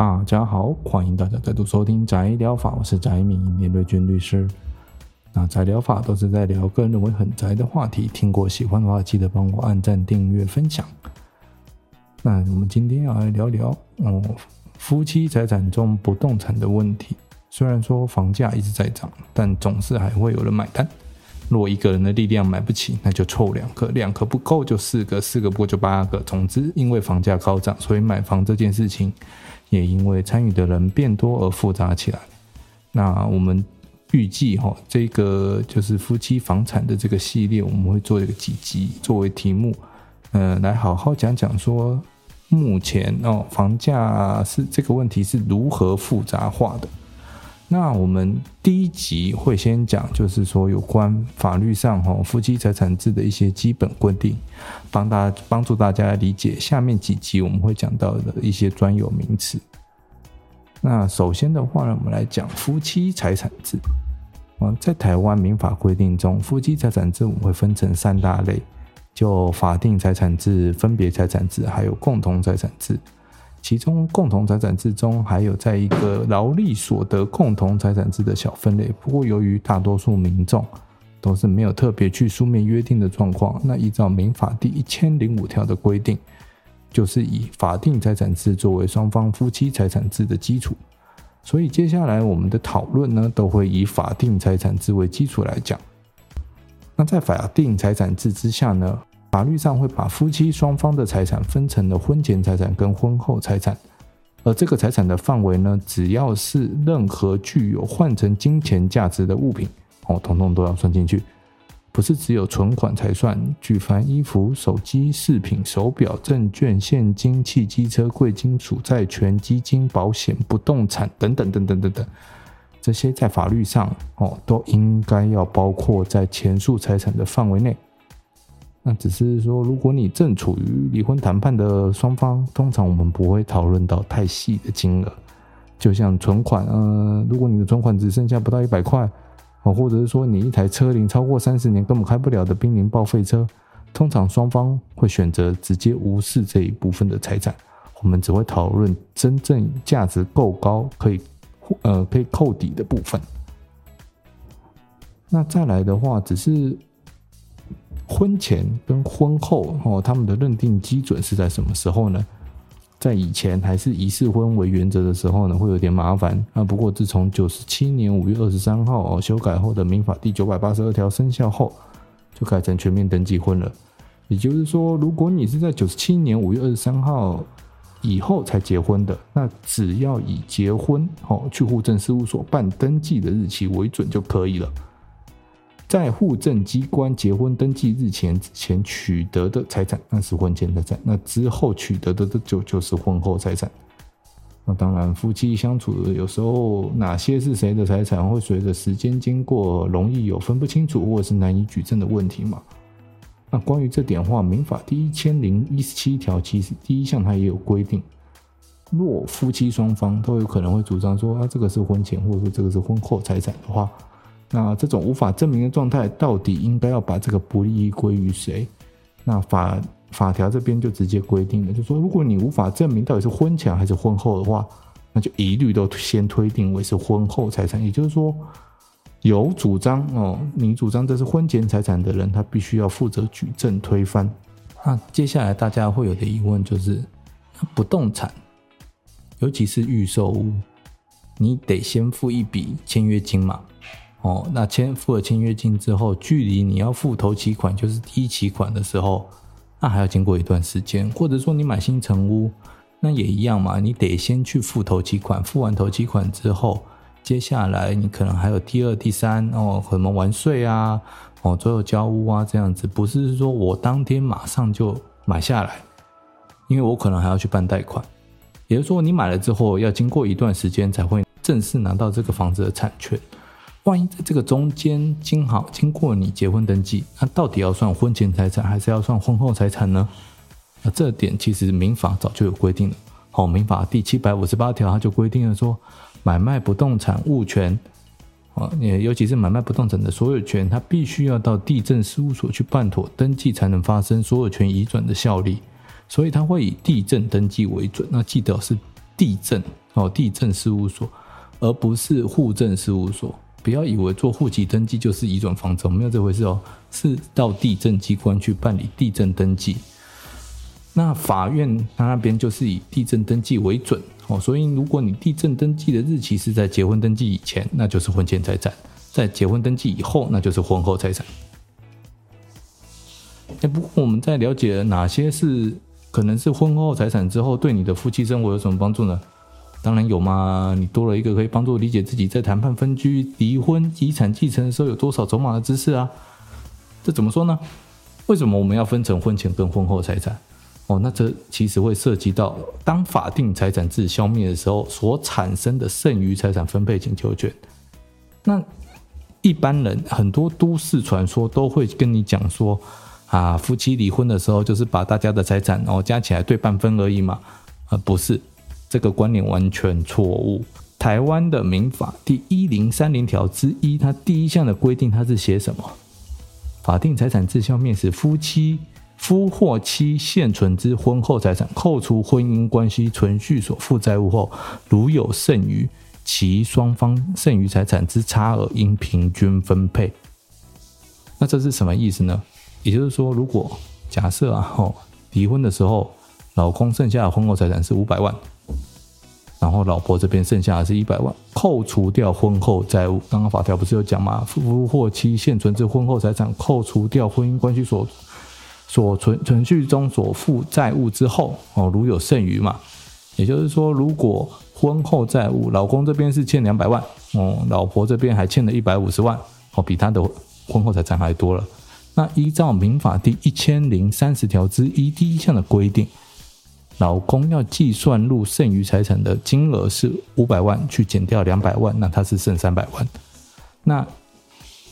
大、啊、家好，歡迎大家再度收聽宅聊法，我是宅米連瑞軍律師。那宅聊法都是在聊個人認為很宅的話題。聽過喜歡的話，記得幫我按讚、訂閱、分享。那我們今天要來聊聊，嗯，夫妻財產中不動產的問題。雖然說房價一直在漲，但總是還會有人買單。若一個人的力量買不起，那就湊兩個，兩個不夠就四個，四個不夠就八個。總之，因為房價高漲，所以買房這件事情也因為參與的人變多而複雜起來。那我們預計、哦，哈，這個就是夫妻房產的這個系列，我們會做一個幾集作為題目，嗯、呃，來好好講講說目前哦，房價是這個問題是如何複雜化的。那我們第一集會先講，就是說有關法律上哈夫妻財產制的一些基本規定，幫大家幫助大家理解下面幾集我們會講到的一些專有名詞。那首先的話呢，我們來講夫妻財產制。嗯，在台灣民法規定中，夫妻財產制我們會分成三大類，就法定財產制、分別財產制，還有共同財產制。其中共同財產制中，還有在一個勞力所得共同財產制的小分類。不過，由於大多數民眾都是沒有特別去書面約定的狀況，那依照民法第一千零五條的規定，就是以法定財產制作為雙方夫妻財產制的基礎。所以，接下來我們的討論呢，都會以法定財產制為基礎來講。那在法定財產制之下呢，法律上會把夫妻雙方的財產分成了婚前財產跟婚後財產，而這個財產的範圍呢，只要是任何具有換成金錢價值的物品，哦，統統都要算進去，不是只有存款才算。舉凡衣服、手機、飾品、手錶、證券、現金、汽機車、貴金屬、債權、基金、保險、不動產等等等等等等，這些在法律上哦，都應該要包括在前述財產的範圍內。那只是說，如果你正處於離婚談判的雙方，通常我們不會討論到太細的金額，就像存款，呃，如果你的存款只剩下不到一百塊，哦，或者是說你一台車齡超過三十年、根本開不了的瀕臨報廢車，通常雙方會選擇直接無視這一部分的財產，我們只會討論真正價值夠高、可以，呃，可以扣抵的部分。那再來的話，只是。婚前跟婚後哦，他們的認定基準是在什麼時候呢？在以前還是以儀式婚為原則的時候呢，會有點麻煩。那不過自從九十七年五月二十三號哦修改後的民法第九百八十二條生效後，就改成全面登記婚了。也就是說，如果你是在九十七年五月二十三號以後才結婚的，那只要以結婚哦去戶政事務所辦登記的日期為準就可以了。在戶政機關結婚登記日前之前取得的財產，那是婚前財產。那之後取得的的就就是婚後財產。那當然，夫妻相處有時候哪些是誰的財產，會隨着時間經過，容易有分不清楚，或者是難以舉證的問題嘛，那關於這點話，《民法》第一千零一十七條其實第一項它也有規定，若夫妻雙方都有可能會主張說啊，這個是婚前，或者說這個是婚後財產的話。那這種無法證明的狀態，到底應該要把這個不利益歸於誰？那法法條這邊就直接規定了，就說如果你無法證明到底是婚前還是婚後的話，那就一律都先推定為是婚後財產。也就是說，有主張哦，你主張這是婚前財產的人，他必須要負責舉證推翻。那接下來大家會有的疑問就是，不動產，尤其是預售屋，你得先付一筆簽約金嘛？哦，那簽付了簽約金之後，距離你要付頭期款，就是第一期款的時候，那還要經過一段時間。或者說你買新成屋，那也一樣嘛，你得先去付頭期款，付完頭期款之後，接下來你可能還有第二、第三哦，可能完稅啊，哦，最後交屋啊這樣子，不是說我當天馬上就買下來，因為我可能還要去辦貸款。也就是說，你買了之後要經過一段時間才會正式拿到這個房子的產權。萬一在這個中間經好經過你結婚登記，那到底要算婚前財產還是要算婚後財產呢？那這點其實民法早就有規定了。好、哦，民法第七百五十八條它就規定了說，買賣不動產物權啊、哦，也尤其是買賣不動產的所有權，它必須要到地政事務所去辦妥登記才能發生所有權移轉的效力。所以它會以地政登記為準。那記得是地政哦，地政事務所，而不是戶政事務所。不要以為做戶籍登記就是移轉房子，我沒有這回事哦，是到地政機關去辦理地政登記。那法院那邊就是以地政登記為準哦，所以如果你地政登記的日期是在結婚登記以前，那就是婚前財產；在結婚登記以後，那就是婚後財產。那、欸、不過我們在了解了哪些是可能是婚後財產之後，對你的夫妻生活有什麼幫助呢？當然有嘛，你多了一個可以幫助理解自己在談判、分居、離婚、遺產繼承的時候有多少籌碼的知識啊。這怎麼說呢？為什麼我們要分成婚前跟婚後財產？哦，那這其實會涉及到當法定財產制消滅的時候所產生的剩餘財產分配請求權。那一般人很多都市傳說都會跟你講說啊，夫妻離婚的時候就是把大家的財產然後加起來對半分而已嘛。呃，不是。這個觀念完全錯誤。台灣的民法第一零三零條之一，它第一項的規定，它是寫什麼？法定財產制下面，是夫妻夫或妻現存之婚後財產，扣除婚姻關係存續所負債務後，如有剩餘，其雙方剩餘財產之差額應平均分配。那這是什麼意思呢？也就是說，如果假設啊，哦，離婚的時候，老公剩下的婚後財產是五百萬。然後老婆這邊剩下的是一百萬，扣除掉婚後債務。剛剛法條不是有講嗎？夫夫或妻現存之婚後財產，扣除掉婚姻關係所所存存續中所負債務之後，哦，如有剩餘嘛，也就是說，如果婚後債務，老公這邊是欠兩百萬，哦，老婆這邊還欠了一百五十萬，哦，比他的婚後財產還多了。那依照民法第一千零三十條之一第一項的規定。老公要計算入剩餘財產的金額是五百萬，去減掉兩百萬，那他是剩三百萬。那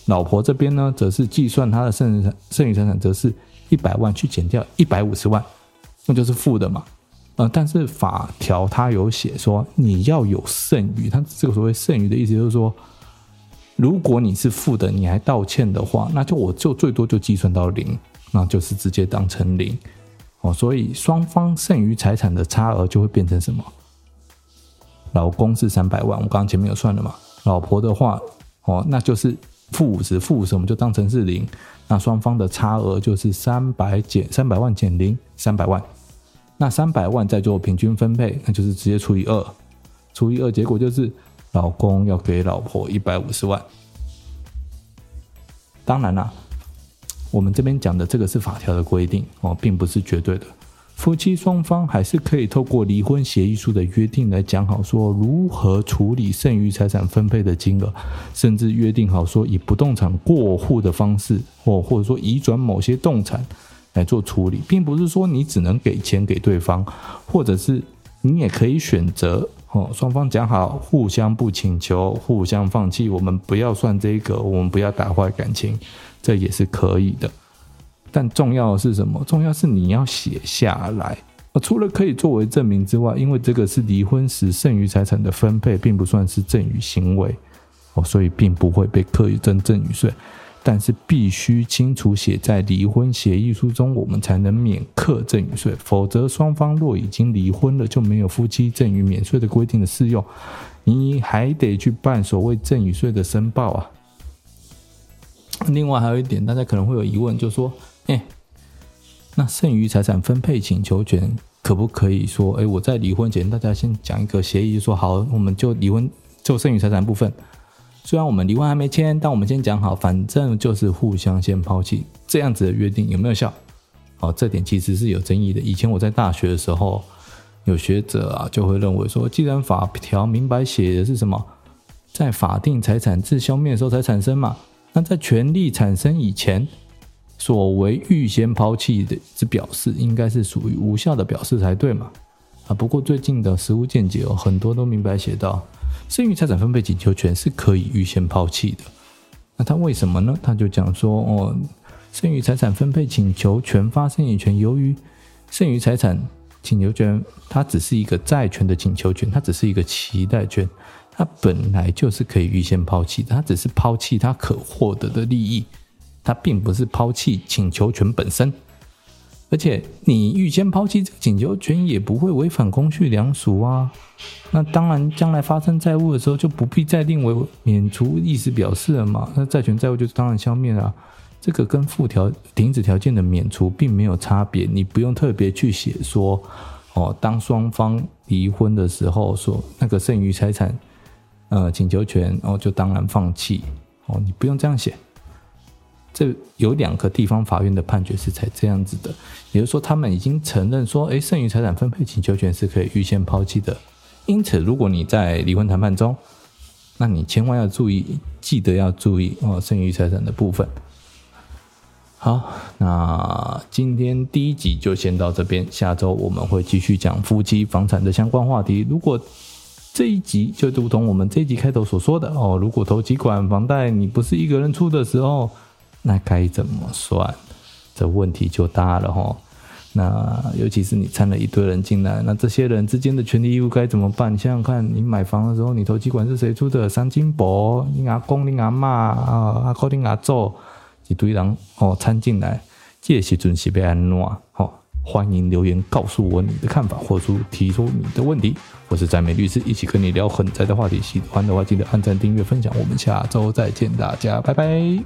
老婆這邊呢，則是計算他的剩餘剩餘財產則是一百萬去，去減掉一百五十萬，那就是負的嘛。呃，但是法條他有寫說你要有剩餘，他這個所謂剩餘的意思就是說，如果你是負的，你還道歉的話，那就我就最多就計算到零，那就是直接當成零。哦，所以雙方剩餘財產的差額就會變成什麼？老公是三百萬，我剛前面有算的嘛。老婆的話，哦，那就是負五十，負五十我們就當成是零，那雙方的差額就是三百減三百萬減零，三百萬。那三百萬再做平均分配，那就是直接除以二，除以二，結果就是老公要給老婆一百五十萬。當然啦，我們這邊講的這個是法條的規定哦，並不是絕對的。夫妻雙方還是可以透過離婚協議書的約定來講好說如何處理剩餘財產分配的金額，甚至約定好說以不動產過戶的方式或、哦、或者說移轉某些動產來做處理，並不是說你只能給錢給對方，或者是你也可以選擇。哦，雙方講好，互相不請求，互相放棄，我們不要算這個，我們不要打壞感情，這也是可以的。但重要的是什麼？重要是你要寫下來。除了可以作為證明之外，因為這個是離婚時剩餘財產的分配，並不算是贈與行為，哦，所以並不會被課以徵贈與稅。但是必須清楚寫在離婚協議書中，我們才能免課贈與稅。否則，雙方若已經離婚了，就沒有夫妻贈與免稅的規定的適用，你還得去辦所謂贈與稅的申報啊。另外還有一點，大家可能會有疑問，就是說，哎、欸，那剩餘財產分配請求權可不可以說？哎、欸，我在離婚前，大家先講一個協議，說好，我們就離婚，就剩餘財產部分。雖然我們離婚還沒簽，但我們先講好，反正就是互相先拋棄這樣子的約定有沒有效？哦，這點其實是有爭議的。以前我在大學的時候，有學者啊就會認為說，既然法條明白寫的是什麼，在法定財產制消滅的時候才產生嘛，那在權利產生以前所謂預先拋棄的之表示，應該是屬於無效的表示才對嘛。啊，不過最近的實務見解哦，很多都明白寫到。剩餘財產分配請求權是可以預先拋棄的，那他為什麼呢？他就講說，哦，剩餘財產分配請求權發生以前，由於剩餘財產請求權它只是一個債權的請求權，它只是一個期待權，它本來就是可以預先拋棄的，它只是拋棄它可獲得的利益，它並不是拋棄請求權本身。而且你預先拋棄這個請求權也不會違反公序良俗啊。那當然，將來發生債務的時候就不必再定為免除意思表示了嘛。那債權債務就是當然消滅了啊。這個跟附條停止條件的免除並沒有差別，你不用特別去寫說哦，當雙方離婚的時候，說那個剩餘財產呃請求權哦就當然放棄哦，你不用這樣寫。這有兩個地方法院的判決是才這樣子的，也就是說，他們已經承認說，誒，剩餘財產分配請求權是可以預先拋棄的。因此，如果你在離婚談判中，那你千萬要注意，記得要注意哦，剩餘財產的部分。好，那今天第一集就先到這邊，下周我們會繼續講夫妻房產的相關話題。如果這一集就如同我們這一集開頭所說的哦，如果頭期款房貸，你不是一個人出的時候。那該怎麼算？這問題就大了哈、哦。那尤其是你摻了一堆人進來，那這些人之間的權利義務該怎麼辦？你想想看你買房的時候，你頭期款是誰出的？商金博，你阿公，你阿嬤，啊，阿、啊、哥、啊，你阿祖，一堆人哦摻進來，這些准許被安暖。歡迎留言告訴我你的看法，或者說提出你的問題，我是宅米律師，一起跟你聊很宅的話題。喜歡的話，記得按讚、訂閱、分享。我們下周再見，大家拜拜。